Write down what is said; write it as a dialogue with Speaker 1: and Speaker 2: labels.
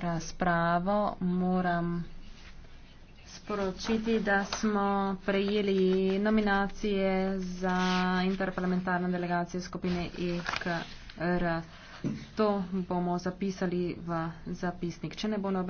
Speaker 1: razpravo, moram sporočiti, da smo prejeli nominacije za interparlamentarno delegacijo skupine EKR. To bomo zapisali v
Speaker 2: zapisnik.